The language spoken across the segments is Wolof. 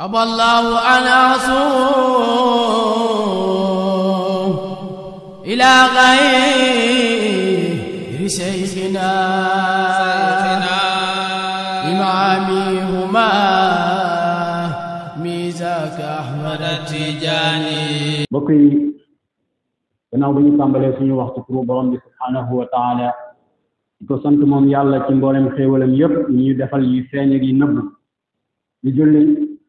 أبى الله أن أصوم إلى غير شيخنا إمامهما ميزاك أحمد التجاني بقي أنا أبني تنبلي سنو وقت قروب رمضي سبحانه وتعالى ko sant mom yalla ci mbolam xewalam yep ñu defal yi feñ ak yi neub ñu jël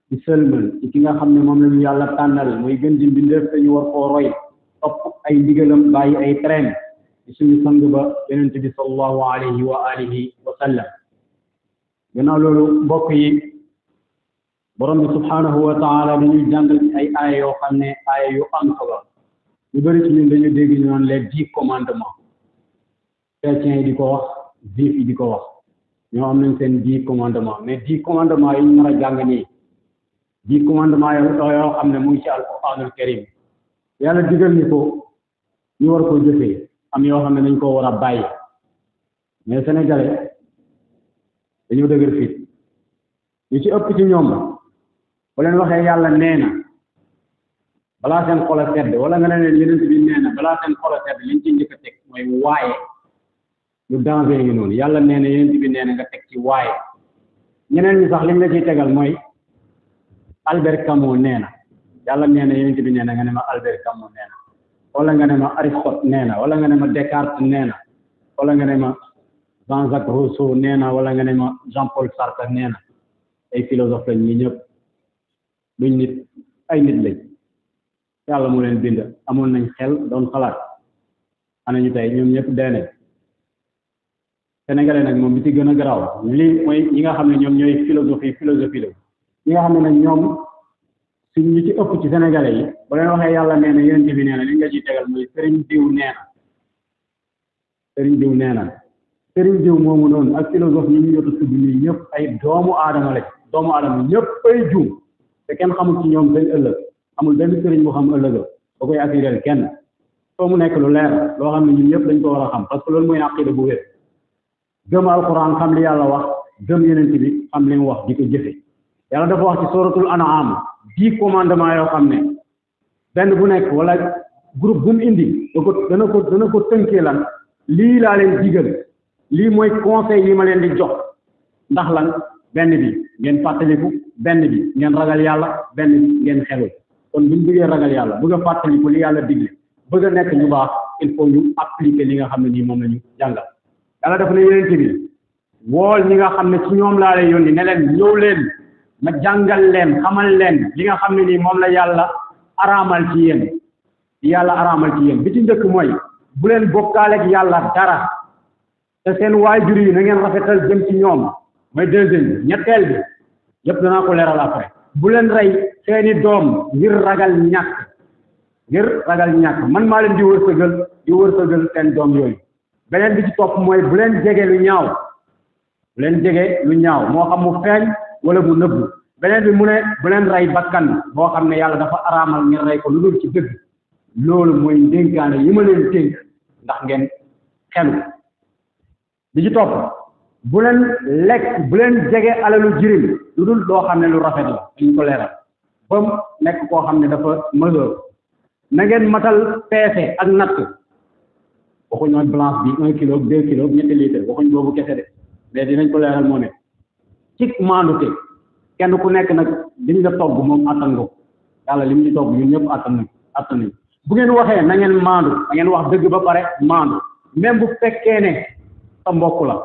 di sëlmal ki nga xam ne moom la ñu yàlla tànnal mooy gën di mbindeef te ñu war koo topp ay ndigalam bàyyi ay train ci suñu sang ba yonent bi sallallahu alayhi wa alihi wa sallam gannaaw loolu mbokk yi borom wa taala dañuy jàngal ci ay aaya yoo xam ne aaya yu am solo ñu bëri ci ñun dañu dégg ñu noonu les dix commandements chrétiens yi di ko wax juif yi di ko wax ñoo am nañ seen dix commandements mais dix commandements yi ñu mën a jàng nii dix commandement yoo yoo xam ne mu ngi ci alquranul yàlla digal ñu ko ñu war ko jëfee am yoo xam ne dañ koo war a bàyyi mais sénégalais dañu dëgër fit ñu ci ëpp ci ñoom bu leen waxee yàlla nee na balaa seen xol a sedd wala nga ne leen yeneen bi nee na nee na yeneen bi nee nga teg ci waaye ñeneen ñi sax liñ la ciy tegal mooy Albert Camus nena, yalla nena nee na yonent bi nee nga ne ma Albert Camus nena. na wala nga ne ma Aristote nee na wala nga ne ma Descartes nena, na wala nga ne ma Jean-Jacques Rousseau nena, na wala nga ne ma Jean-Paul Sartre nena. na ay philosophe lañ ñu ñëpp duñ nit ay nit lañ yàlla mu leen bind amoon nañ xel doon xalaat ana ñu tey ñoom ñëpp dee nañ sénégalais nag moom bi ci gën a garaaw nga philosophie philosophie ñi nga xam ne nag ñoom suñ ñu ci ëpp ci sénégalais yi bu leen waxee yàlla nee na yonent bi nee li nga ciy tegal mooy sëriñ diw nee na sëriñ diw nee na sëriñ diw moomu noonu ak philosophe ñi ñu yota tudd nii ñëpp ay doomu aadama la doomu aadama ñëpp ay juum te kenn xamul ci ñoom seen ëllëg amul benn sëriñ boo xam ëllëg ba koy assuré kenn soo mu nekk lu leer loo xam ne ñun ñëpp dañ ko war a xam parce que loolu mooy aqida bu wér gëm alquran xam li yàlla wax gëm yeneen bi xam wax ko jëfe yàlla dafa wax ci suratul an'am dix commandement yoo xam ne benn bu nekk wala groupe bu mu indi da ko dana ko dana ko tënkee lan lii laa leen digal lii mooy conseil yi ma leen di jox ndax lan benn bi ngeen fàttaliku benn bi ngeen ragal yàlla benn bi ngeen xelu kon buñ bëggee ragal yàlla bëgg a fàttaliku li yàlla digle bëgg a nekk ñu baax il faut ñu appliquer li nga xam ne nii moom la ñu jàngal yàlla dafa ne yonent bi wool ñi nga xam ne ci ñoom laa lay yónni ne leen ñëw leen ma jàngal leen xamal leen li nga xam ne nii moom la yàlla araamal ci yéen yàlla araamal ci yéen bi ci njëkk mooy bu leen bokkaaleeg yàlla dara te seen waajur yi na ngeen rafetal jëm ci ñoom mooy deuxième ñetteel bi yëpp danaa ko leeral après bu leen rey seeni doom ngir ragal ñàkk ngir ragal ñàkk man maa leen di wërsëgal di wërsëgal seen doom yooyu beneen bi ci topp mooy bu leen jege lu ñaaw leen jege lu ñaaw moo xam mu feeñ wala mu nëbbu beneen bi mu ne bu leen rey bakkan boo xam ne yàlla dafa araamal ngeen rey ko lu dul ci dëgg loolu mooy ndénkaane yi ma leen dénk ndax ngeen xelu bi ci topp bu leen lekk bu leen jege alalu jirim lu dul loo xam ne lu rafet la dañ ko leeral ba nekk koo xam ne dafa majeur na matal peese ak natt waxuñu blanche bi un kilo deux kilo ñetti litre waxuñ boobu kese de mais dinañ ko leeral moo ne ci maandute kenn ku nekk nag liñ la togg moom attan nga li mu ñu ñëpp attan nañ bu ngeen waxee na ngeen maandu ngeen wax dëgg ba pare maandu même bu fekkee ne sa mbokk la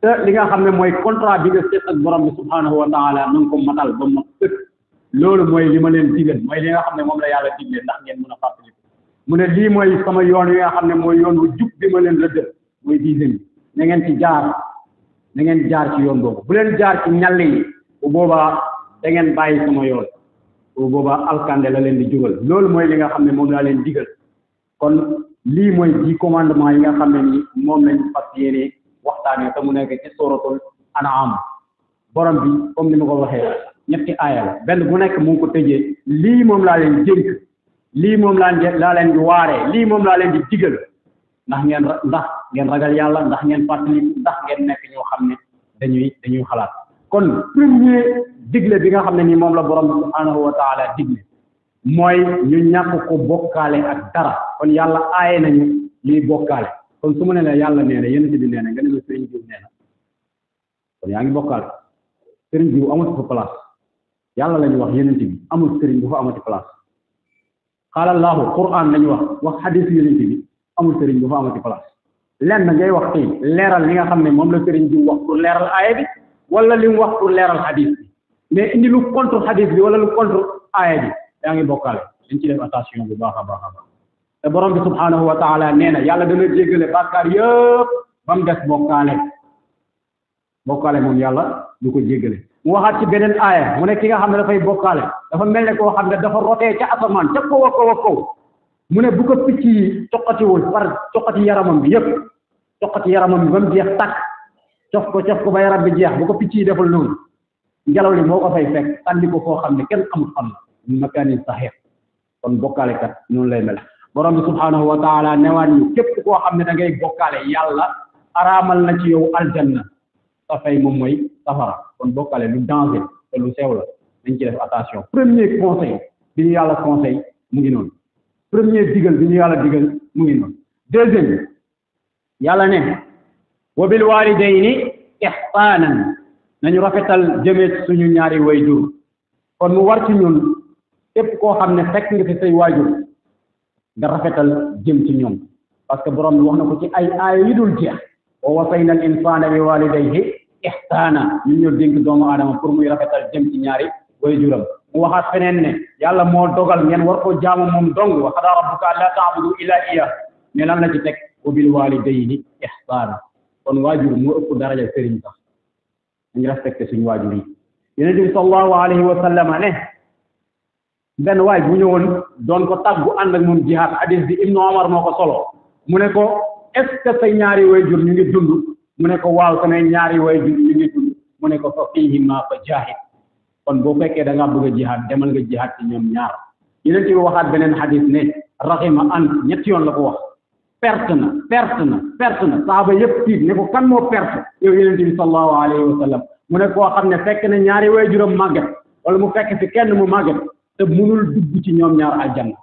te li nga xam ne mooy contrat bi ak borom ko matal ba ma sëkk loolu mooy li ma leen digal xam ne moom yàlla digle ndax ngeen mooy sama yoon yi nga xam ne mooy yoon wu jub bi ma leen rëddal mooy diiseen bi na ci jaar na ngeen jaar ci yoon boobu bu leen jaar ci ñàll yi bu boobaa da ngeen bàyyi sama yoon bu boobaa alkande la leen di jugal loolu mooy li nga xam ne moom laa leen digal kon lii mooy ji commandement yi nga xam ne ni moom lañ fas yéene waxtaanee te mu nekk ci sooratul anaam borom bi comme ni ma ko waxee ñetti aaya benn bu nekk mu ko tëjee lii moom laa leen jénk lii moom laa laa leen di waaree lii moom laa leen di digal ndax ngeen ndax ngeen ragal yàlla ndax ngeen fàttali ndax ngeen nekk ñoo xam ne dañuy dañuy xalaat kon premier digle bi nga xam ne nii moom la borom bi subhaanahu wa mooy ñu ñàkk ak dara kon yàlla aaye nañu ñuy bokkaale kon su ma ne la yàlla nee na yonent bi nee na nga ne ma sëriñ diw nee na kon amatu fa place yàlla la ñu bu fa amati place xaalallahu quran la ñu wax wax bi amul sëriñ bu fa amati place lenn ngay wax fii leeral li nga xam ne moom la sëriñ diw wax pour leeral aaya bi wala li mu wax pour leeral hadith bi mais indi lu contre hadith bi wala lu contre aaya bi yaa ngi bokkaale dañ ci def attention bu baax a baax a baax te borom bi subhanahu wa taala nee na yàlla dana jéggale bàkkaar yëpp ba mu des bokkaale bokkaale moom yàlla du ko jéggale mu waxaat ci beneen aaya mu ne ki nga xam ne dafay bokkaale dafa mel ne koo xam ne dafa rotee ca asamaan ca kaw a kaw a kaw mu ne bu ko picc yi toqatiwul par toqati yaramam bi yëpp toqati yaramam bi ba mu jeex tàkk cof ko cof ko ba yaram bi jeex bu ko picc yi deful noonu ngelaw li moo ko fay fekk sànni ko foo xam ne kenn amul xam na makaanin saxiix kon bokkaalekat noonu lay mel borom bi subhaanahu wa taala newaat képp koo xam ne da ngay bokkaale yàlla araamal na ci yow aljanna sa fay moom mooy safara kon bokkaale lu danger te lu sew la dañ ci def attention premier yàlla premier digal bi ñu yàlla digal mu ngi non deuxième yàlla ne wa bil walidayni ihsanan nañu rafetal jëme suñu ñaari wayjur kon mu war ci ñun képp ko xamne fek nga fi say waajur da rafetal jëm ci ñom parce que borom wax na ko ci ay ay yi dul jeex wa wasayna al insana bi walidayhi ihsana ñu ñu dénk doomu adam pour muy rafetal jëm ci ñaari wayjuram mu waxaat feneen ne yàlla moo dogal ngeen war koo jaamu moom dong wa qadaa rabbuka allaa ta'budu illaa iyyaahu ne lan la ci teg wa bil waalidayni ihsaana kon waajur moo ëpp daraja sëriñ sax dañu respecté suñu waajur yi yonent bi sallallahu alayhi wa sallama ne benn waay bu ñëwoon doon ko tàggu ànd ak moom jihaad hadis bi ibnu omar moo ko solo mu ne ko est ñaari waajur ñu ngi dund mu ne ko waaw samay ñaari waajur ñu ngi dund mu ne ko fa fiihimaa fa jaahid kon boo fekkee da ngaa bëgg a jihaad demal nga jihaad ci ñoom ñaar yeneen ci waxaat beneen xadis ne raxima an ñetti yoon la ko wax perte na perte na perte na saaba yëpp tiit ne ko kan moo perte yow yeneen bi sallallahu alayhi wa mu ne koo xam ne fekk na ñaari waajuram màgget wala mu fekk fi kenn mu màgget te munul dugg ci ñoom ñaar aljanna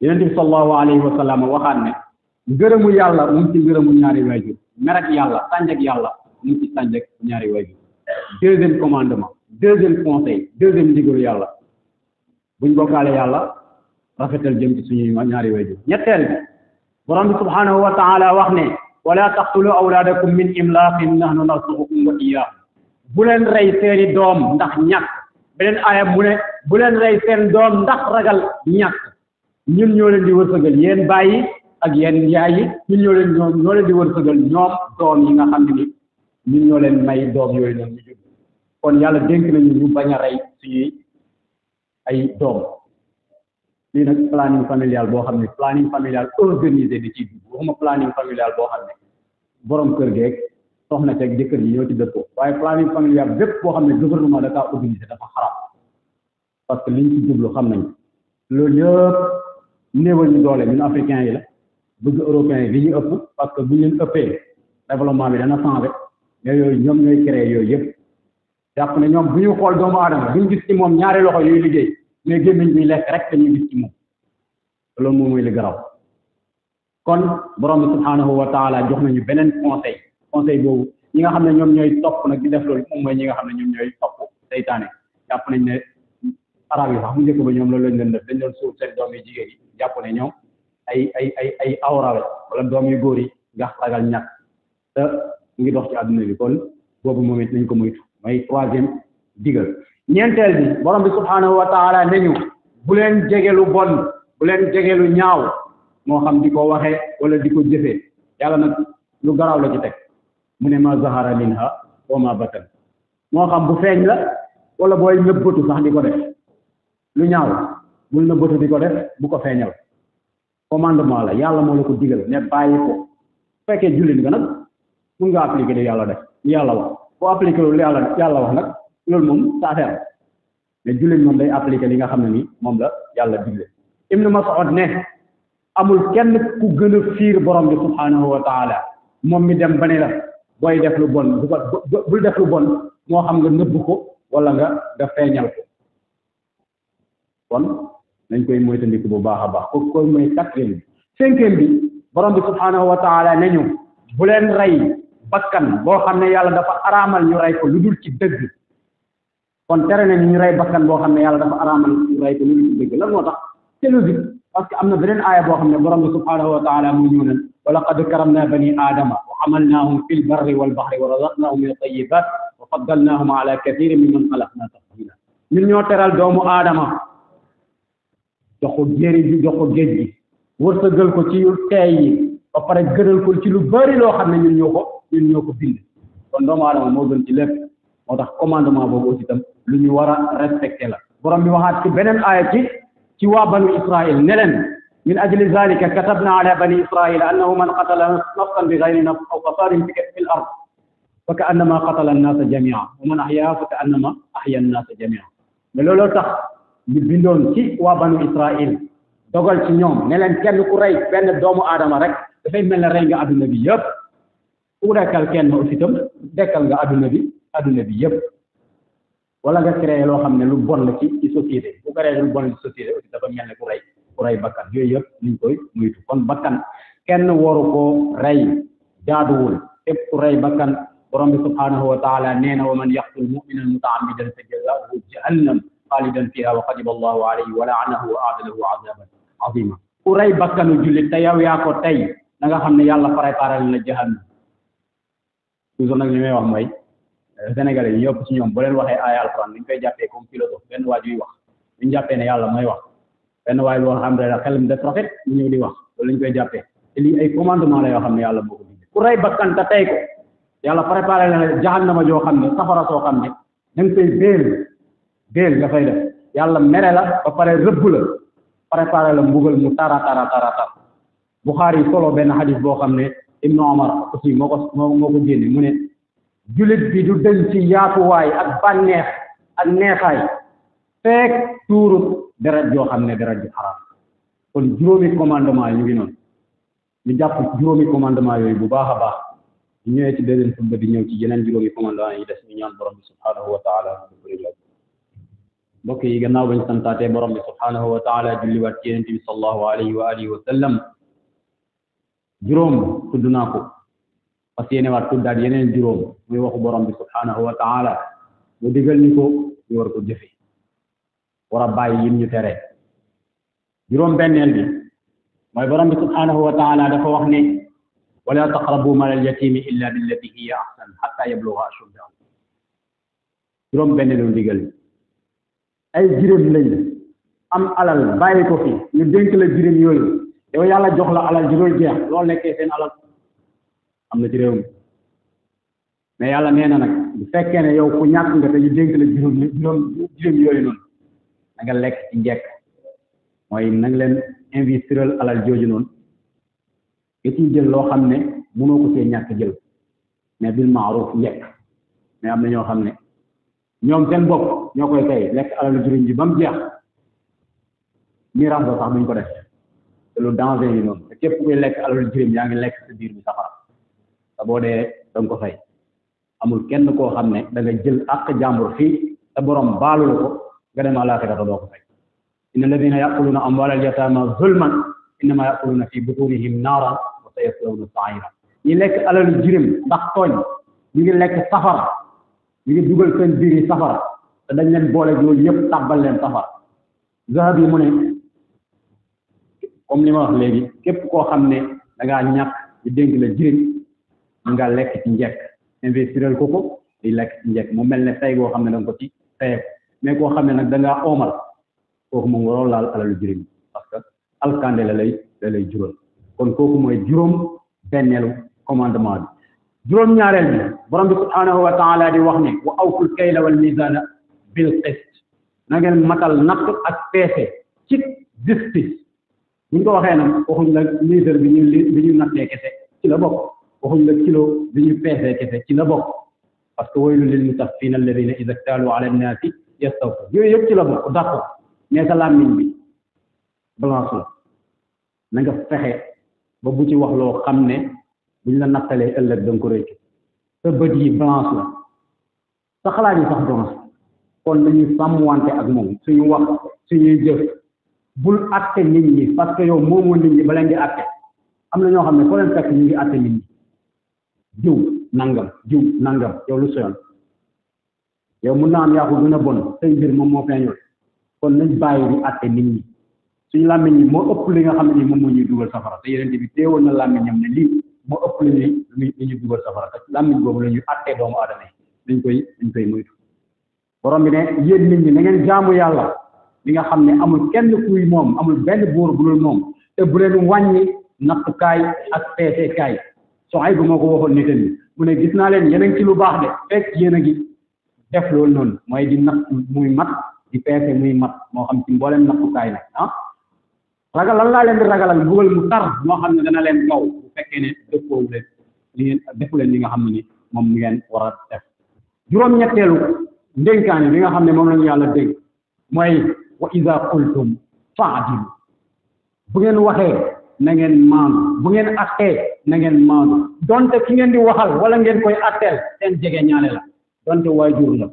yeneen bi sallallahu alayhi waxaat ne ngërëmu yàlla mu ngi ci ngërëmu ñaari waajur merek yàlla sànjeg yàlla mu ci sànjeg ñaari waajur deuxième commandement deuxième conseil deuxième digul yàlla buñ bokalé yàlla rafetal jëm ci suñu ñaari waajur ñetteel bi borom subhanahu wa taala wax ne wala taqtulu awladakum min imlaqin nahnu narzuqukum wa iyaakum bu len ray seeni dom ndax ñak benen aya bu ne bu len ray seen dom ndax ragal ñak ñun ñoo leen di wërsëgal yéen bàyyi ak yéen yaay yi ñun ñoo leen ñoo leen di wërsëgal ñoom doom yi nga xam ni ñun ñoo leen may doom yooyu noonu ñu jur kon yàlla dénk nañu ñu bañ a rey suñuy ay doom lii nag planning familial boo xam ne planning familial organisé di ci dugg waxuma planning familial boo xam ne borom kër geeg soxna ceeg jëkkër yi ñoo ci dëppoo waaye planning familial bépp boo xam ne gouvernement da kaa organisé dafa xaram parce que liñ ci jublu xam nañ loolu yëpp néewal ñu doole ñun africains yi la bëgg européens yi li ñu ëpp parce bu ñu ëppee développement bi dana changé mais yooyu ñoom ñooy créé yooyu yëpp jàpp ne ñoom bu ñu xool doomu aadama duñ moom ñaari loxo yooyu liggéey mais gémmiñ bi rek dañuy gis ci moom loolu moom mooy li jox nañu beneen conseil conseil ñi nga xam ne ñoom ñooy topp nag di def loolu moom mooy nga xam ne ñoom ñooy topp seytaane jàpp nañ ne arab yi sax mu njëkk ba ñoom loolu lañ doon def dañ doon suuf seen doom jigéen yi jàpp ne ñoom ay ay ay ay awrawe wala yu góor yi nga ragal ñàkk mu ngi dox ci àdduna bi kon boobu moom it nañ ko moytu mooy troisième digal ñeenteel bi borom bi subhanahu wa taala ne ñu bu leen jege lu bon bu leen jege lu ñaaw moo xam di ko waxee wala di ko jëfee yàlla nag lu garaaw la ci teg mu ne ma zahara minha wa ma batan moo xam bu feeñ la wala booy nëbbatu sax di ko def lu ñaaw bul nëbbatu di ko def bu ko feeñal commandement la yàlla moo la ko digal ne bàyyi ko fekkee jullit nga nag mun nga appliquer di yàlla def yàlla wax boo appliqué loolu yàlla yàlla wax nag loolu moom sa affaire mais jullit moom day appliqué li nga xam ne ni moom la yàlla digle Ibnu Mas'ud ne amul kenn ku gën a fiir borom bi subhaanahu wa taala moom mi dem ba ne la booy def lu bon bu ko bul def lu bon moo xam nga nëbb ko wala nga nga feeñal ko kon nañ koy moytandiku bu baax a baax ko koy mooy quatrième bi cinquième bi borom bi subhaanahu wa ne ñu bu leen rey bakkan boo xam ne yàlla dafa araamal ñu ray ko lu dul ci dëgg kon tere nañ ñu rey bakkan boo xam ne yàlla dafa araamal ñu ray ko lu dul ci dëgg lan moo tax c'est logique parce que am na beneen aaya boo xam ne borom bi subhanahu wa taala mu ñëw nan ولقد كرمنا barri wal bahri wa razaqnahum min ورزقناهم من الطيبات وفضلناهم على كثير ممن خلقنا tafdila ñun ñoo teral doomu aadama jox jëri jéeri ji jox ko géej gi wërsëgal ko ci yu teey yi ba pare gënal ko ci lu bari loo xam ne ñun ñoo ko ñun ñoo ko bind kon doomu aadama moo gën ci lépp moo tax commandement boobu aussi tam lu ñu war a respecté la borom bi waxaat ci beneen aaya ci ci waa banu israil ne leen min ajli zalika katabna ala bani israil annahu man qatala nafsan bi gayri nafs aw fasadin fi l ard fa ka annama qatala annaasa jamia wa man ahyaha fa ka annama ahya annaasa jamia mais looloo tax ñu bindoon ci waa banu israil dogal ci ñoom ne leen kenn ku rey benn doomu aadama rek dafay mel ne rey nga adduna bi yëpp urakal kenn aussi itam dekkal nga aduna bi aduna bi yépp wala nga créé loo xam ne lu bon la ci ci société bu créé lu bon la ci société aussi dafa mel ne ku rey ku rey bakkan yooyu yëpp niñ koy muytu kon bakkan kenn waru koo rey jaaduwul képp ku rey bakkan borom bi subhanahu wa taala nee wa man yaqtul muminan mutaamidan fa jazauhu jahannam xaalidan fiha wa qadiba allahu alayhi wa laanahu wa aada lahu azima ku rey bakkanu jullit te yow yaa ko tey da nga xam ne yàlla préparé na jahannam toujours nag li may wax mooy euh, sénégalais yi yëpp ci ñoom boo leen waxee aaya alxuraan dañ koy jàppee comme philosophe benn waay yuy wax ñu jàppee ne yàlla mooy wax benn waay boo xam ne xelam de rafet ñu ñëw di wax loolu lañ koy jàppee te lii ay commandement la yoo xam ne yàlla moo ko bindee ku rey te tey ko yàlla préparé la jahannama joo xam ne safara soo xam ne da nga koy béel béel nga fay def yàlla mere la ba pare rëbb la préparé la mbugal mu tara tara tara tar Buxaari solo benn xadis boo xam ne Ibnu Omar aussi moo ko moo ko mu ne jullit bi du dëñ ci yaatuwaay ak bànneex ak neexaay feek tuurut deret joo xam ne deret ju xaraam kon juróomi commandement yu ngi noonu ñu jàpp juróomi commandement yooyu bu baax a baax ñu a ci deuxième xutba bi ñëw ci yeneen juróomi commandement yi des ñu ñaan borom bi subhaanahu wa taala mbokk yi gannaaw bañ santaatee borom bi subhaanahu wa taala julliwaat ci yonent bi sallallahu alayhi wa alihi wa sallam جروم تدناكو أسيني واتود داد ينين جروم ميوخ برم سبحانه وتعالى ودقل نكو يوركو جفي ورباي يمي تري جروم بين يلبي ماي برم سبحانه وتعالى دفو وحني ولا تقربوا مال اليتيم إلا بالتي هي أحسن حتى يبلغ أشده جروم بين يلبي ودقل أي جريم لين أم ألال بايكو في يدينك لجريم يولي yow yàlla jox la alal ju dul jeex loolu nekkee seen alal am na ci réew mi mais yàlla nee na nag bu fekkee ne yow ku ñàkk nga te ñu dénk la juróom juróom juróom yooyu noonu na nga lekk ci njekk mooy na nga leen investiral alal jooju jël loo xam ne mënoo ko jël mais bil maaruf am na ñoo xam ne ñoom seen bopp ñoo koy tey lekk alal juróom ji ba mu jeex miraas ba sax duñ ko def lu danger yi noonu te képp kuy lekk alalu jirim yaa ngi lekk sa biir bi safara te boo dee da nga ko fay amul kenn koo xam ne da nga jël àq jàmbur fii te borom baalu ko nga dem àllaaxira te doo ko fay inna alladina yaquluna amwala alyatama zulman innama yaquluna fi butunihim naaran wa sayaslawna saira ñi lekk alalu jirim ndax tooñ ñu ngi lekk safara ñu ngi dugal seen biir yi safara te dañ leen boole yooyu yëpp tàbbal leen safara zahab yi mu ne comme li ma wax léegi képp koo xam ne da ngaa ñàkk di dénk la jëriñ mën ngaa lekk ci njekk investiral ko di lekk ci njekk mu mel ne tay goo xam ne da nga ko ci tayeeko xam ne nag da ngaa oomal kooku moom waroo laal alalu jëriñ parce que alkande la lay la lay jural kon kooku mooy juróom benneelu commandement bi juróom ñaareel bi borom bi subhaanahu wa taala di wax ne wa awful kayla wal mizaana bil qist na ngeen matal natt ak peese ci justice bu ñu ko waxee nag waxuñ la litre bi ñu bi ñu nattee kese ci la bokk waxuñ la kilo bi ñu peesee kese ci la bokk parce que waylu lil mutaffina alladina ida ktaalu ala nnaasi yastawfu yooyu yëpp ci la bokk d'accord mais sa làmmiñ bi balance la na nga fexe ba bu ci wax loo xam ne buñ la nattalee ëllëg da nga ko réccu sa bët yi balance la sa xalaat yi sax balance kon dañuy sàmmwante ak moom suñu wax suñuy jëf bul atte nit ñi parce que yow moo nit ñi ba leen di am na ñoo xam ne foo leen fekk ñu ngi atte nit ñi jiw nangam jiw nangam yow lu soyoon yow mun naa am yaa ko gën a bon say mbir moom moo feeñul kon nañ bàyyi di nit ñi suñu làmmiñ ñi moo ëpp li nga xam ne moom moo ñuy dugal safara te yeneen bi teewoon na làmmiñam ne lii moo ëpp li ñuy li ñuy dugal safara te làmmiñ boobu la ñuy doomu aadama yi dañ koy dañ koy moytu borom bi ne yéen nit ñi na jaamu yàlla li nga xam ne amul kenn kuy moom amul benn buur bu dul moom te bu leen wàññi nattukaay ak peesekaay Sohaybu moo ko waxoon nit ñi mu ne gis naa leen yéen a lu baax de fekk yéen a gi def loolu noonu mooy di natt muy mat di peese muy mat moo xam ci mboolem nattukaay nag ah ragal lan laa leen di ragalal mbugal mu tar moo xam ne dana leen kaw bu fekkee ne dëppoowu leen li defu leen li nga xam ne ni moom mi a def yàlla dégg mooy wa ida qultum faadilu bu ngeen waxee na ngeen bu ngeen attee na ngeen maandu donte ki ngeen di waxal wala ngeen koy atteel seen jege ñaale la donte waajur la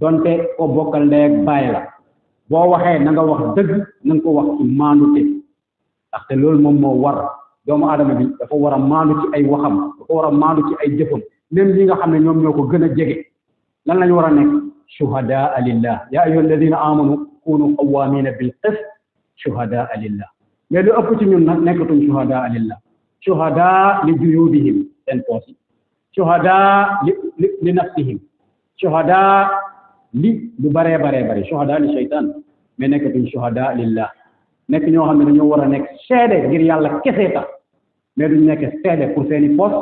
donte ko bokkal ndey baay la boo waxee na nga wax dëgg na nga ko wax ci maandute ndaxte loolu moom moo war doomu aadama bi dafa war a maandu ay waxam dafa war a maandu ay jëfam même ñi nga xam ne ñoom ñoo ko gën a jege lan lañu war a nekk shuhadaa lillah ya ayyuha alladina amanu تكونوا قوامين بالقسط شهداء لله لو أكتم نكتم شهداء لله شهداء لجيوبهم أنفسهم شهداء لنفسهم شهداء لبري بري بري شهداء للشيطان من نكتم شهداء لله nek ñoo xamne dañu wara nek sédé ngir yalla kessé tax né duñ nek sédé pour séni fos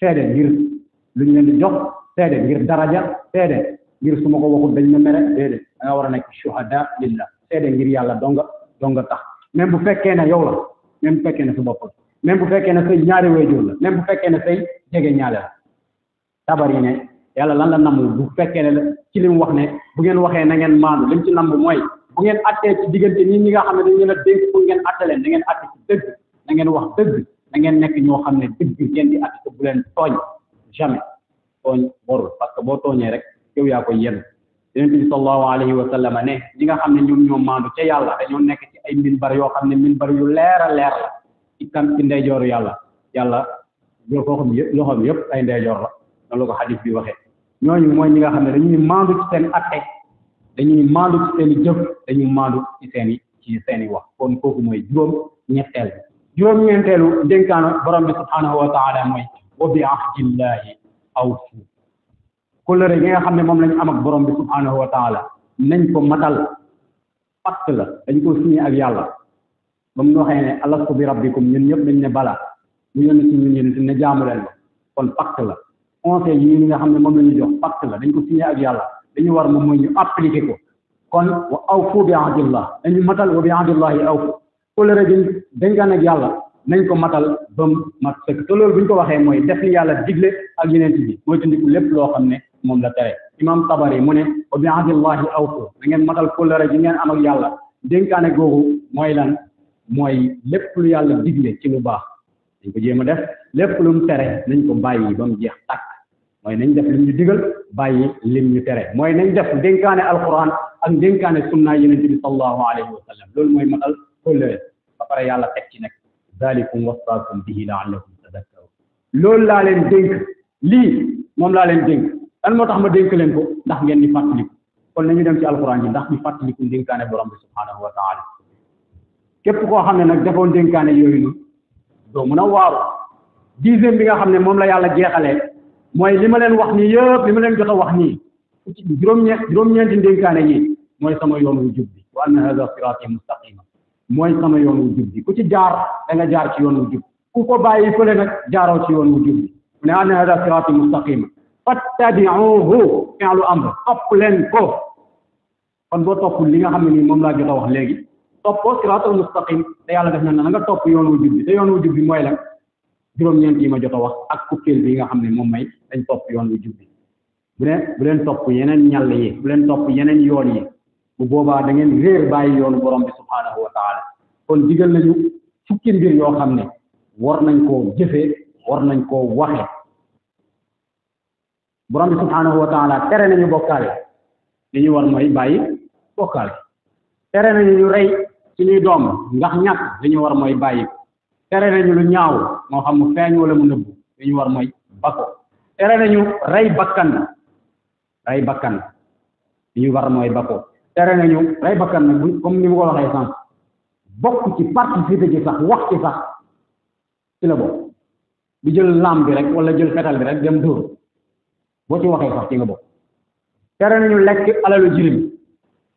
sédé ngir luñu leen jox sédé ngir daraja sédé ngir su ma ko waxul dañ ma mere déedéet da nga war a nekk shuhada lillah ngir yàlla donga donga tax même bu fekkee na yow la même bu fekkee na sa bopp la même bu fekkee ne say ñaari waajur la même bu fekkee na say jege ñaare la tabar ne yàlla lan la namm bu fekkee ne ci li mu wax ne bu ngeen waxee na ngeen maandu li ci namb mooy bu ngeen attee ci diggante nit ñi nga xam ne dañu la ngeen atte leen ngeen atte ci dëgg na ngeen wax dëgg na ngeen nekk ñoo xam ne dëgg ngeen di atte bu leen tooñ boo tooñee rek yow yaa koy yenn yonent bi sallallahu alayhi wa ne ñi nga xam ne ñoom ñoo maandu ca yàlla dañoo nekk ci ay minbar yoo xam ne minbar yu leer a leer la ci yàlla yàlla yoo ko yëpp ay ndeyjoor la noonu la ko bi waxee ñooñu mooy ñi nga xam ne dañuy maandu ci seen atte dañuy maandu ci seen i jëf dañuy maandu ci seeni i ci wax kon kooku mooy juróom ñetteel bi juróom ñeenteelu dénkaana borom bi subhanahu wa mooy wa bi ahdillahi awfu كولر يعني خم نمام لين أمك برام بسم الله من نين كم مثال فقط لا نين كم من أبي الله بمنو خير الله من ربكم من يب من يبلا من يب من يب من يجام ولا كون فقط لا كون سي يين يخم نمام لين جو فقط لا نين كم سني أبي الله نين وار مم يو أبلي كيكو كون وأوفو بعهد الله نين مثال وبعهد الله أوفو كولر جن دين كان أبي الله nañ ko matal bam ma sëkk te loolu bu ñu ko waxee mooy def ni yàlla digle ak yeneen ci من mooy من lépp من xam ne mom la tere imam tabari muné o bi ahdillahi awfu da ngeen matal la ji ngeen am ak yàlla denkané googu moy lan moy lépp lu yàlla digle ci lu bax dañ ko jema def lépp lu mu tere nañ ko bàyyi bam jeex tak moy nañ def lim ñu digal bàyyi lim ñu tere moy nañ def denkané alquran ak denkané sunna yenente bi sallallahu alayhi wa sallam loolu mooy matal kóllëre ba pare yàlla tek ci nag zalikum wasaqum bihi laallakum tadhakkarun lool la len dénk li mom la len dénk lan moo tax ma dénk leen ko ndax ngeen di fàttaliku kon nañu dem ci alxuraan ji ndax ñu fàttaliku dénkaane borom bi subhaanahu wa taala képp koo xam ne nag defoon dénkaane yooyu ni doo mun a waaru dixième bi nga xam ne moom la yàlla jeexalee mooy li ma leen wax nii yëpp li ma leen jot a wax nii juróom-ñeent juróom-ñeenti dénkaane yi mooy sama yoon wu jub bi wa anna hada siraati mustaqima mooy sama yoon wu jub bi ku ci jaar da nga jaar ci yoon wu jub ku ko bàyyi fële nag jaaroo ci yoon wu jub bi mu ne anna hada siraati mustaqima fattabi'uhu fi'lu amr topp leen ko kon boo toppul li nga xam ne nii moom laa jot a wax léegi toppoo siraatal mustaqim te yàlla def na na nga topp yoon wu bi te yoon wu jub bi mooy lan juróom-ñeent yi ma jot a wax ak fukkeel bi nga xam ne moom may dañ topp yoon wu jub bi bu leen bu leen topp yeneen ñàll yi bu leen topp yeneen yoon yi bu boobaa da ngeen réer bàyyi yoonu borom bi subhaanahu wa taala kon digal nañu fukki mbir yoo xam ne war nañ koo jëfee war nañ koo waxee borom bi subhanahu wa taala tere nañu bokkal li ñu war moy bayyi bokkal tere nañu ñu rey suñuy doom ndax ñàkk li ñu war moy bayyi tere nañu lu ñaaw mo xam mu feeñ wala mu neub li ñu war moy bako tere nañu rey bakkan rey bakkan li ñu war moy bako tere nañu rey bakkan nag comme ni mu ko waxe sànq bokku ci participer ci sax wax ci sax ci la bok di jël lamb bi rek wala jël fetal bi rek dem door boo ci waxe sax ci nga bok tere nañu lekk alalu jirim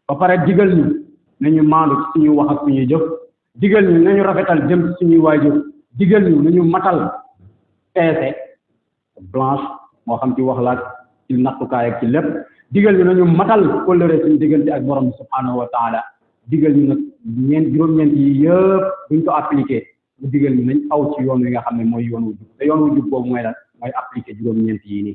ba pare digal ñu nañu mandu ci ñu wax ak ñu jëf digal ñu nañu rafetal jëm ci ñu waajur digal ñu nañu matal pété blanche mo xam ci wax laak ci nattukaay ak ci lepp digal ñu nañu matal ko kóllëre suñu diggante ak borom subhanahu wa taala digal ñu nak ñeent juroom ñeent yi yëpp buñ ko appliquer mu digal ñu nañ aw ci yoon yi nga xamne moy mooy yoon wu jub te yoon wu jub boobu mooy lan moy appliquer juroom ñeent yi ni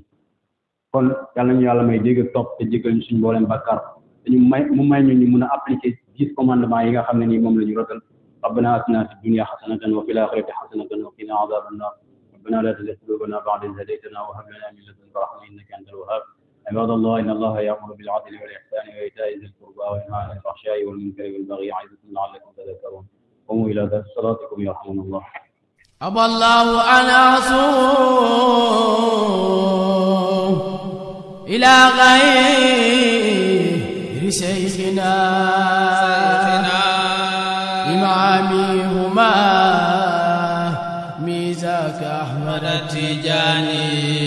kon yàlla ñu yàlla may dégg ak topp te jëgël ñu suñu mboolem bàkkaar dañu may mu may ñu ñu mëna appliquer 10 commandements yi nga xam ne nii moom la ñu rotal ربنا آتنا في الدنيا حسنة وفي الآخرة حسنة وقنا عذاب النار ربنا لا تزغ قلوبنا بعد إذ هديتنا وهب لنا من لدنك رحمة إنك أنت الوهاب عباد الله إن الله يأمر بالعدل والإحسان وإيتاء ذي القربى وينهى عن الفحشاء والمنكر والبغي يعظكم لعلكم تذكرون قوموا إلى صلاتكم يرحمنا الله أبى الله أن أصوم إلى غير شيخنا إمامهما ميزاك أحمد التجاني